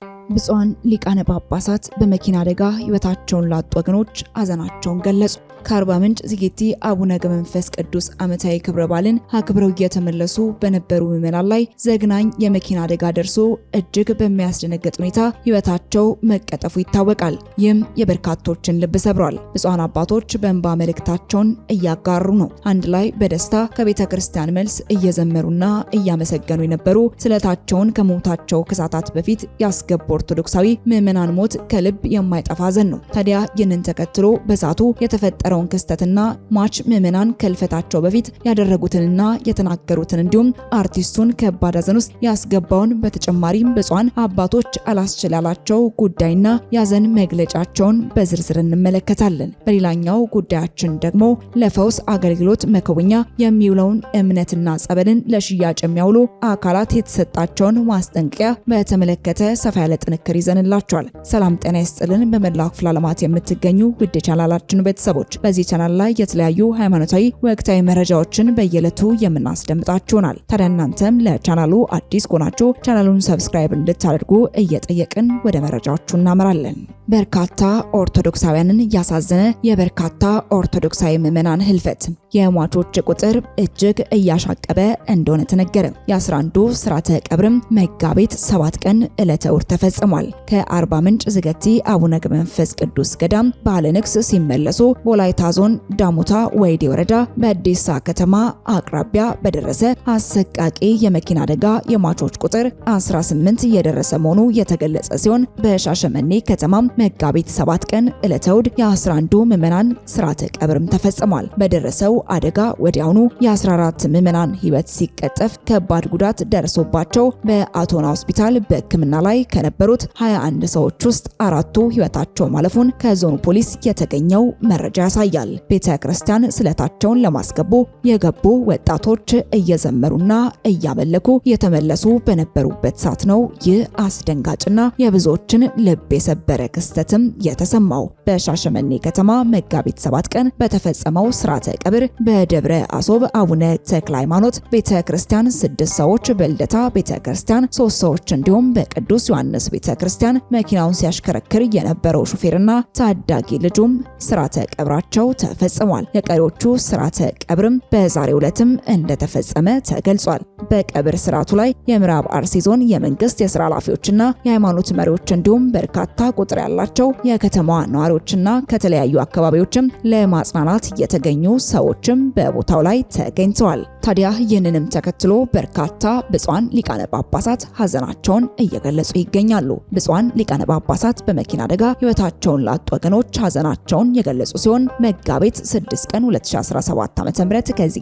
Thank you. ብፁዓን ሊቃነ ጳጳሳት በመኪና አደጋ ሕይወታቸውን ላጡ ወገኖች ሐዘናቸውን ገለጹ። ከአርባ ምንጭ ዝጌቲ አቡነ ገመንፈስ ቅዱስ ዓመታዊ ክብረ በዓልን አክብረው እየተመለሱ በነበሩ ምዕመናን ላይ ዘግናኝ የመኪና አደጋ ደርሶ እጅግ በሚያስደነግጥ ሁኔታ ሕይወታቸው መቀጠፉ ይታወቃል። ይህም የበርካቶችን ልብ ሰብሯል። ብፁዓን አባቶች በእንባ መልእክታቸውን እያጋሩ ነው። አንድ ላይ በደስታ ከቤተ ክርስቲያን መልስ እየዘመሩና እያመሰገኑ የነበሩ ስለታቸውን ከሞታቸው ክሳታት በፊት ያስገቡ ኦርቶዶክሳዊ ምዕመናን ሞት ከልብ የማይጠፋ ሐዘን ነው። ታዲያ ይህንን ተከትሎ በሳቱ የተፈጠረውን ክስተትና ማች ምዕመናን ከልፈታቸው በፊት ያደረጉትንና የተናገሩትን እንዲሁም አርቲስቱን ከባድ ሐዘን ውስጥ ያስገባውን በተጨማሪም ብፁዓን አባቶች አላስችላላቸው ጉዳይና ያዘን መግለጫቸውን በዝርዝር እንመለከታለን። በሌላኛው ጉዳያችን ደግሞ ለፈውስ አገልግሎት መከወኛ የሚውለውን እምነትና ጸበልን ለሽያጭ የሚያውሉ አካላት የተሰጣቸውን ማስጠንቀቂያ በተመለከተ ሰፋ ያለ ጥንክር ይዘንላችኋል። ሰላም ጤና ይስጥልን። በመላው ክፍለ ዓለማት የምትገኙ ውድ ቻናላችን ቤተሰቦች በዚህ ቻናል ላይ የተለያዩ ሃይማኖታዊ፣ ወቅታዊ መረጃዎችን በየዕለቱ የምናስደምጣችሁናል። ታዲያ እናንተም ለቻናሉ አዲስ ከሆናችሁ ቻናሉን ሰብስክራይብ እንድታደርጉ እየጠየቅን ወደ መረጃዎቹ እናመራለን። በርካታ ኦርቶዶክሳውያንን ያሳዘነ የበርካታ ኦርቶዶክሳዊ ምዕመናን ህልፈት የሟቾች ቁጥር እጅግ እያሻቀበ እንደሆነ ተነገረ። የ11ዱ ስርዓተ ቀብርም መጋቢት ሰባት ቀን ዕለተ ውር ተፈጸመ። ፈጽሟል። ከአርባ ምንጭ ዝገቲ አቡነ ገመንፈስ ቅዱስ ገዳም ባህለ ንግስ ሲመለሱ በወላይታ ዞን ዳሞታ ወይዴ ወረዳ በዴሳ ከተማ አቅራቢያ በደረሰ አሰቃቂ የመኪና አደጋ የሟቾች ቁጥር 18 እየደረሰ መሆኑ የተገለጸ ሲሆን በሻሸመኔ ከተማም መጋቢት 7 ቀን ዕለተ እሁድ የ11ዱ ምዕመናን ስርዓተ ቀብርም ተፈጽሟል። በደረሰው አደጋ ወዲያውኑ የ14 ምዕመናን ሕይወት ሲቀጠፍ ከባድ ጉዳት ደርሶባቸው በአቶና ሆስፒታል በሕክምና ላይ ከነበሩ ከነበሩት 21 ሰዎች ውስጥ አራቱ ህይወታቸው ማለፉን ከዞኑ ፖሊስ የተገኘው መረጃ ያሳያል። ቤተ ክርስቲያን ስለታቸውን ለማስገቡ የገቡ ወጣቶች እየዘመሩና እያመለኩ የተመለሱ በነበሩበት ሰዓት ነው ይህ አስደንጋጭና የብዙዎችን ልብ የሰበረ ክስተትም የተሰማው። በሻሸመኔ ከተማ መጋቢት 7 ቀን በተፈጸመው ስርዓተ ቀብር በደብረ አሶብ አቡነ ተክለ ሃይማኖት ቤተ ክርስቲያን ስድስት ሰዎች በልደታ ቤተ ክርስቲያን ሶስት ሰዎች እንዲሁም በቅዱስ ዮሐንስ ቤተ ክርስቲያን መኪናውን ሲያሽከረክር የነበረው ሹፌርና ታዳጊ ልጁም ስርዓተ ቀብራቸው ተፈጽሟል። የቀሪዎቹ ስርዓተ ቀብርም በዛሬው ዕለትም እንደተፈጸመ ተገልጿል። በቀብር ስርዓቱ ላይ የምዕራብ አርሲ ዞን የመንግስት የስራ ኃላፊዎችና የሃይማኖት መሪዎች እንዲሁም በርካታ ቁጥር ያላቸው የከተማዋ ነዋሪዎችና ከተለያዩ አካባቢዎችም ለማጽናናት የተገኙ ሰዎችም በቦታው ላይ ተገኝተዋል። ታዲያ ይህንንም ተከትሎ በርካታ ብፁዓን ሊቃነ ጳጳሳት ሀዘናቸውን እየገለጹ ይገኛሉ። ብፁዓን ሊቃነ ጳጳሳት በመኪና አደጋ ህይወታቸውን ላጡ ወገኖች ሀዘናቸውን የገለጹ ሲሆን መጋቢት 6 ቀን 2017 ዓ.ም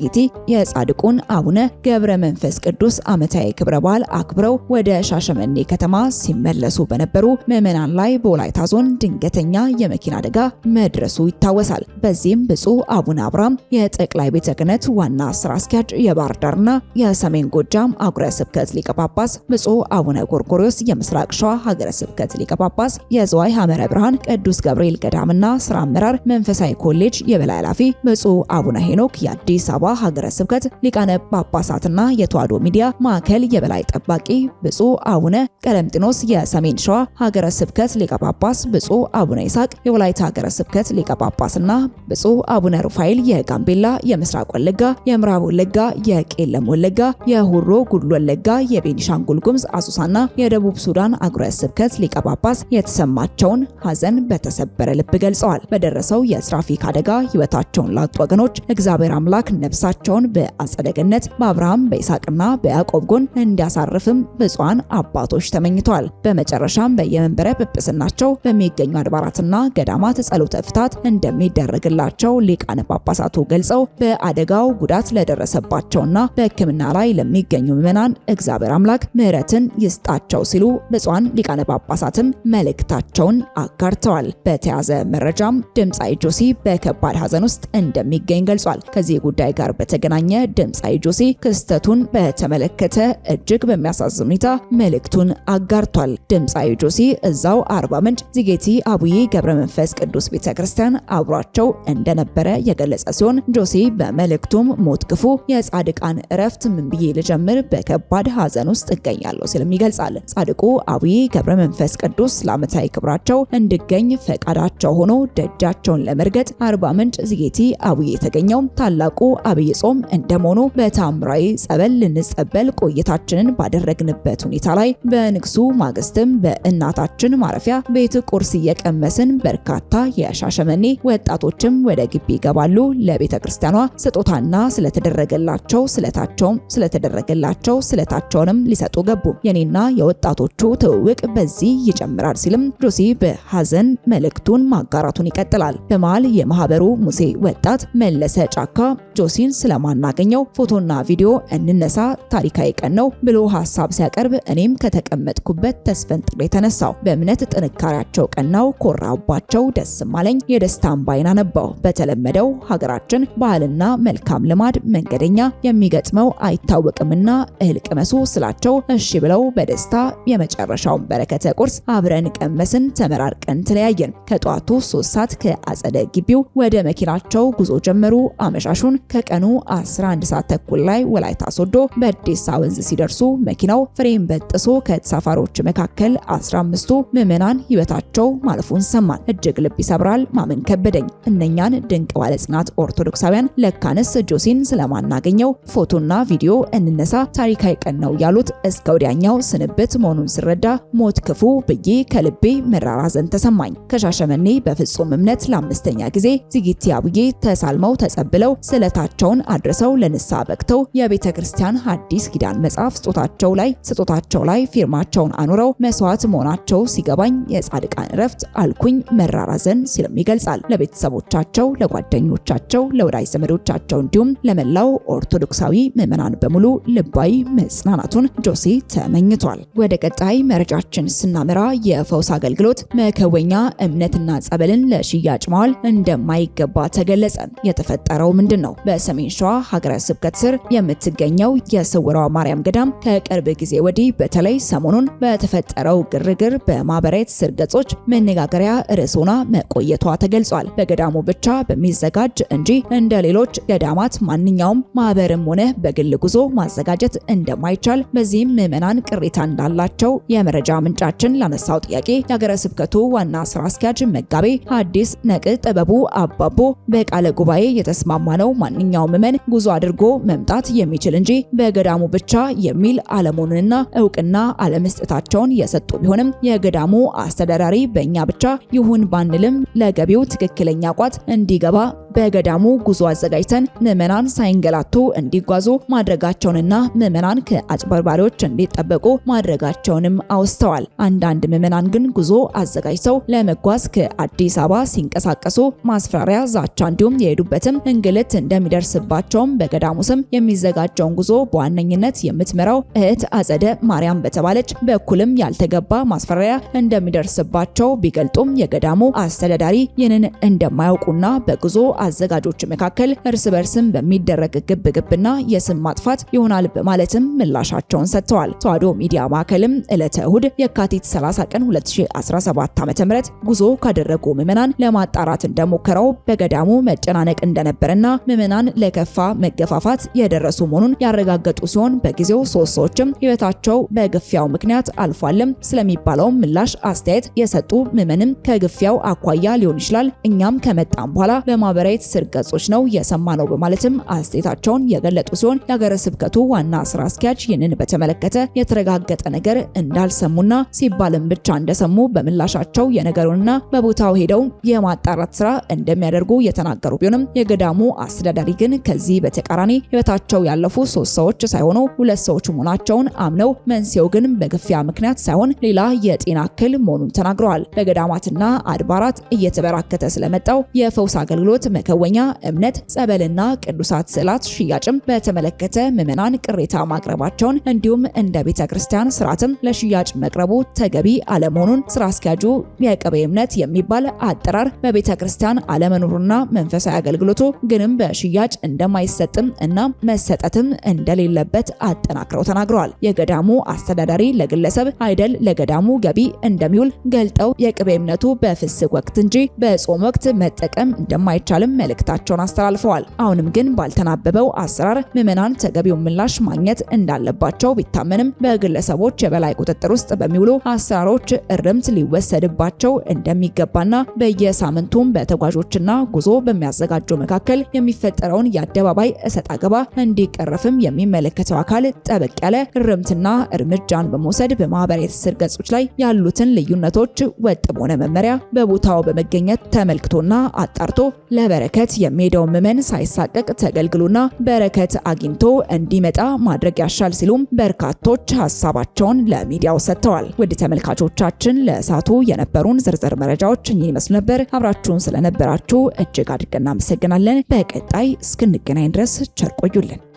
ጊዜ የጻድቁን አቡነ ገብረ መንፈስ መንፈስ ቅዱስ ዓመታዊ ክብረ በዓል አክብረው ወደ ሻሸመኔ ከተማ ሲመለሱ በነበሩ ምዕመናን ላይ በወላይታ ዞን ድንገተኛ የመኪና አደጋ መድረሱ ይታወሳል። በዚህም ብፁዕ አቡነ አብርሃም የጠቅላይ ቤተ ክህነት ዋና ስራ አስኪያጅ፣ የባህር ዳርና የሰሜን ጎጃም አጉረ ስብከት ሊቀ ጳጳስ፣ ብፁዕ አቡነ ጎርጎሪዮስ የምስራቅ ሸዋ ሀገረ ስብከት ሊቀ ጳጳስ፣ የዘዋይ ሐመረ ብርሃን ቅዱስ ገብርኤል ገዳምና ስራ አመራር መንፈሳዊ ኮሌጅ የበላይ ኃላፊ፣ ብፁዕ አቡነ ሄኖክ የአዲስ አበባ ሀገረ ስብከት ሊቃነ ጳጳሳትና የተዋ ተዋሕዶ ሚዲያ ማዕከል የበላይ ጠባቂ ብፁዕ አቡነ ቀለምጢኖስ፣ የሰሜን ሸዋ ሀገረ ስብከት ሊቀ ጳጳስ ብፁዕ አቡነ ይስሐቅ የወላይታ ሀገረ ስብከት ሊቀ ጳጳስና ብፁዕ አቡነ ሩፋኤል የጋምቤላ፣ የምስራቅ ወለጋ፣ የምዕራብ ወለጋ፣ የቄለም ወለጋ፣ የሆሮ ጉድሉ ወለጋ፣ የቤኒሻንጉል ጉምዝ፣ አሶሳና የደቡብ ሱዳን አህጉረ ስብከት ሊቀ ጳጳስ የተሰማቸውን ሀዘን በተሰበረ ልብ ገልጸዋል። በደረሰው የትራፊክ አደጋ ህይወታቸውን ላጡ ወገኖች እግዚአብሔር አምላክ ነፍሳቸውን በአጸደ ገነት በአብርሃም በይስሐቅ በይስሐቅና በያዕቆብ ጎን እንዲያሳርፍም ብፁዓን አባቶች ተመኝተዋል። በመጨረሻም በየመንበረ ጵጵስናቸው በሚገኙ አድባራትና ገዳማት ጸሎተ ፍታት እንደሚደረግላቸው ሊቃነ ጳጳሳቱ ገልጸው በአደጋው ጉዳት ለደረሰባቸውና በሕክምና ላይ ለሚገኙ ምዕመናን እግዚአብሔር አምላክ ምሕረትን ይስጣቸው ሲሉ ብፁዓን ሊቃነ ጳጳሳትም መልእክታቸውን አጋርተዋል። በተያዘ መረጃም ድምፃዊ ጆሲ በከባድ ሐዘን ውስጥ እንደሚገኝ ገልጿል። ከዚህ ጉዳይ ጋር በተገናኘ ድምፃዊ ጆሲ ክስተቱን በተመለከተ እጅግ በሚያሳዝን ሁኔታ መልእክቱን አጋርቷል። ድምፃዊ ጆሲ እዛው አርባ ምንጭ ዚጌቲ አቡዬ ገብረ መንፈስ ቅዱስ ቤተ ክርስቲያን አብሯቸው እንደነበረ የገለጸ ሲሆን ጆሲ በመልእክቱም ሞት ክፉ፣ የጻድቃን እረፍት ምን ብዬ ልጀምር፣ በከባድ ሀዘን ውስጥ እገኛለሁ ሲልም ይገልጻል። ጻድቁ አቡዬ ገብረ መንፈስ ቅዱስ ለዓመታዊ ክብራቸው እንድገኝ ፈቃዳቸው ሆኖ ደጃቸውን ለመርገጥ አርባ ምንጭ ዚጌቲ አቡዬ የተገኘው ታላቁ አብይ ጾም እንደመሆኑ በታምራዊ ጸበል ልንጸበል ቆይታችንን ባደረግንበት ሁኔታ ላይ በንግሱ ማግስትም በእናታችን ማረፊያ ቤት ቁርስ እየቀመስን በርካታ የሻሸመኔ ወጣቶችም ወደ ግቢ ይገባሉ። ለቤተ ክርስቲያኗ ስጦታና ስለተደረገላቸው ስለታቸውም ስለተደረገላቸው ስለታቸውንም ሊሰጡ ገቡ። የኔና የወጣቶቹ ትውውቅ በዚህ ይጨምራል ሲልም ጆሲ በሐዘን መልእክቱን ማጋራቱን ይቀጥላል። በመሃል የማህበሩ ሙሴ ወጣት መለሰ ጫካ ጆሲን ስለማናገኘው ፎቶና ቪዲዮ እንነሳ ታሪካዊ ቀን ነው ብሎ ሀሳብ ሲያቀርብ እኔም ከተቀመጥኩበት ተስፈንጥሬ ተነሳው። በእምነት ጥንካሬያቸው ቀናው፣ ኮራባቸው፣ ደስ ማለኝ፣ የደስታን ባይን አነባው። በተለመደው ሀገራችን ባህልና መልካም ልማድ መንገደኛ የሚገጥመው አይታወቅምና እህል ቅመሱ ስላቸው እሺ ብለው በደስታ የመጨረሻውን በረከተ ቁርስ አብረን ቀመስን። ተመራርቀን ተለያየን። ከጠዋቱ ሶስት ሰዓት ከአጸደ ግቢው ወደ መኪናቸው ጉዞ ጀመሩ። አመሻሹን ከቀኑ 11 ሰዓት ተኩል ላይ ወላይታ ሶዶ በዴሳ ወንዝ ሲደርሱ መኪናው ፍሬም በጥሶ ከተሳፋሪዎች መካከል 15ቱ ምዕመናን ህይወታቸው ማለፉን ሰማን። እጅግ ልብ ይሰብራል፣ ማመን ከበደኝ። እነኛን ድንቅ ባለጽናት ኦርቶዶክሳውያን ለካንስ ጆሲን ስለማናገኘው ፎቶና ቪዲዮ እንነሳ ታሪካዊ ቀን ነው ያሉት እስከ ወዲያኛው ስንብት መሆኑን ስረዳ ሞት ክፉ ብዬ ከልቤ መራራዘን ተሰማኝ። ከሻሸመኔ በፍጹም እምነት ለአምስተኛ ጊዜ ዝጊት አብዬ ተሳልመው ተጸብለው ስለ ስጦታቸውን አድርሰው ለንስሐ በቅተው የቤተ ክርስቲያን ሐዲስ ኪዳን መጽሐፍ ስጦታቸው ላይ ስጦታቸው ላይ ፊርማቸውን አኑረው መስዋዕት መሆናቸው ሲገባኝ የጻድቃን እረፍት አልኩኝ መራራዘን ሲልም ይገልጻል። ለቤተሰቦቻቸው፣ ለጓደኞቻቸው፣ ለወዳጅ ዘመዶቻቸው እንዲሁም ለመላው ኦርቶዶክሳዊ ምዕመናን በሙሉ ልባዊ መጽናናቱን ጆሴ ተመኝቷል። ወደ ቀጣይ መረጃችን ስናመራ የፈውስ አገልግሎት መከወኛ እምነትና ጸበልን ለሽያጭ ማዋል እንደማይገባ ተገለጸ። የተፈጠረው ምንድን ነው? በሰሜን ሸዋ ሀገረ ስብከት ስር የምትገኘው የስውሯ ማርያም ገዳም ከቅርብ ጊዜ ወዲህ በተለይ ሰሞኑን በተፈጠረው ግርግር በማህበራዊ ትስስር ገጾች መነጋገሪያ ርዕስ ሆና መቆየቷ ተገልጿል። በገዳሙ ብቻ በሚዘጋጅ እንጂ እንደ ሌሎች ገዳማት ማንኛውም ማህበርም ሆነ በግል ጉዞ ማዘጋጀት እንደማይቻል በዚህም ምዕመናን ቅሬታ እንዳላቸው የመረጃ ምንጫችን ላነሳው ጥያቄ የሀገረ ስብከቱ ዋና ስራ አስኪያጅ መጋቤ ሐዲስ ነቅ ጥበቡ አባቦ በቃለ ጉባኤ የተስማማ ነው ማንኛውም መን ጉዞ አድርጎ መምጣት የሚችል እንጂ በገዳሙ ብቻ የሚል አለመሆኑንና እውቅና አለመስጠታቸውን የሰጡ ቢሆንም የገዳሙ አስተዳዳሪ በእኛ ብቻ ይሁን ባንልም ለገቢው ትክክለኛ ቋት እንዲገባ በገዳሙ ጉዞ አዘጋጅተን ምዕመናን ሳይንገላቱ እንዲጓዙ ማድረጋቸውንና ምዕመናን ከአጭበርባሪዎች እንዲጠበቁ ማድረጋቸውንም አውስተዋል። አንዳንድ ምዕመናን ግን ጉዞ አዘጋጅተው ለመጓዝ ከአዲስ አበባ ሲንቀሳቀሱ ማስፈራሪያ፣ ዛቻ እንዲሁም የሄዱበትም እንግልት እንደሚደርስባቸውም በገዳሙ ስም የሚዘጋጀውን ጉዞ በዋነኝነት የምትመራው እህት አጸደ ማርያም በተባለች በኩልም ያልተገባ ማስፈራሪያ እንደሚደርስባቸው ቢገልጡም የገዳሙ አስተዳዳሪ ይህንን እንደማያውቁና በጉዞ አዘጋጆች መካከል እርስ በርስም በሚደረግ ግብግብና የስም ማጥፋት ይሆናል በማለትም ምላሻቸውን ሰጥተዋል። ተዋሕዶ ሚዲያ ማዕከልም ዕለተ እሁድ የካቲት 30 ቀን 2017 .ም ጉዞ ካደረጉ ምዕመናን ለማጣራት እንደሞከረው በገዳሙ መጨናነቅ እንደነበረና ምዕመናን ለከፋ መገፋፋት የደረሱ መሆኑን ያረጋገጡ ሲሆን በጊዜው ሶስት ሰዎችም ሕይወታቸው በግፊያው ምክንያት አልፏልም ስለሚባለው ምላሽ አስተያየት የሰጡ ምዕመንም ከግፊያው አኳያ ሊሆን ይችላል እኛም ከመጣም በኋላ በማበረ መሬት ስር ገጾች ነው የሰማነው በማለትም አስተያየታቸውን የገለጡ ሲሆን የሀገረ ስብከቱ ዋና ስራ አስኪያጅ ይህንን በተመለከተ የተረጋገጠ ነገር እንዳልሰሙና ሲባልም ብቻ እንደሰሙ በምላሻቸው የነገሩንና በቦታው ሄደው የማጣራት ስራ እንደሚያደርጉ የተናገሩ ቢሆንም የገዳሙ አስተዳዳሪ ግን ከዚህ በተቃራኒ ህይወታቸው ያለፉ ሶስት ሰዎች ሳይሆኑ ሁለት ሰዎች መሆናቸውን አምነው መንስኤው ግን በግፊያ ምክንያት ሳይሆን ሌላ የጤና እክል መሆኑን ተናግረዋል። በገዳማትና አድባራት እየተበራከተ ስለመጣው የፈውስ አገልግሎት መከወኛ፣ እምነት፣ ጸበልና ቅዱሳት ስዕላት ሽያጭም በተመለከተ ምዕመናን ቅሬታ ማቅረባቸውን እንዲሁም እንደ ቤተ ክርስቲያን ስርዓትም ለሽያጭ መቅረቡ ተገቢ አለመሆኑን ስራ አስኪያጁ የቅቤ እምነት የሚባል አጠራር በቤተ ክርስቲያን አለመኖሩና መንፈሳዊ አገልግሎቱ ግንም በሽያጭ እንደማይሰጥም እና መሰጠትም እንደሌለበት አጠናክረው ተናግረዋል። የገዳሙ አስተዳዳሪ ለግለሰብ አይደል ለገዳሙ ገቢ እንደሚውል ገልጠው የቅቤ እምነቱ በፍስግ ወቅት እንጂ በጾም ወቅት መጠቀም እንደማይቻልም በመናገርም መልእክታቸውን አስተላልፈዋል። አሁንም ግን ባልተናበበው አሰራር ምዕመናን ተገቢውን ምላሽ ማግኘት እንዳለባቸው ቢታመንም በግለሰቦች የበላይ ቁጥጥር ውስጥ በሚውሉ አሰራሮች እርምት ሊወሰድባቸው እንደሚገባና በየሳምንቱም በተጓዦችና ጉዞ በሚያዘጋጁ መካከል የሚፈጠረውን የአደባባይ እሰጥ አገባ እንዲቀረፍም የሚመለከተው አካል ጠበቅ ያለ እርምትና እርምጃን በመውሰድ በማህበራዊ ትስስር ገጾች ላይ ያሉትን ልዩነቶች ወጥ በሆነ መመሪያ በቦታው በመገኘት ተመልክቶና አጣርቶ ለበ በረከት የሚሄደው ምዕመን ሳይሳቀቅ ተገልግሎና በረከት አግኝቶ እንዲመጣ ማድረግ ያሻል ሲሉም በርካቶች ሀሳባቸውን ለሚዲያው ሰጥተዋል። ውድ ተመልካቾቻችን ለእሳቱ የነበሩን ዝርዝር መረጃዎች እኚህ ይመስሉ ነበር። አብራችሁን ስለነበራችሁ እጅግ አድርገን እናመሰግናለን። በቀጣይ እስክንገናኝ ድረስ ቸር ቆዩልን።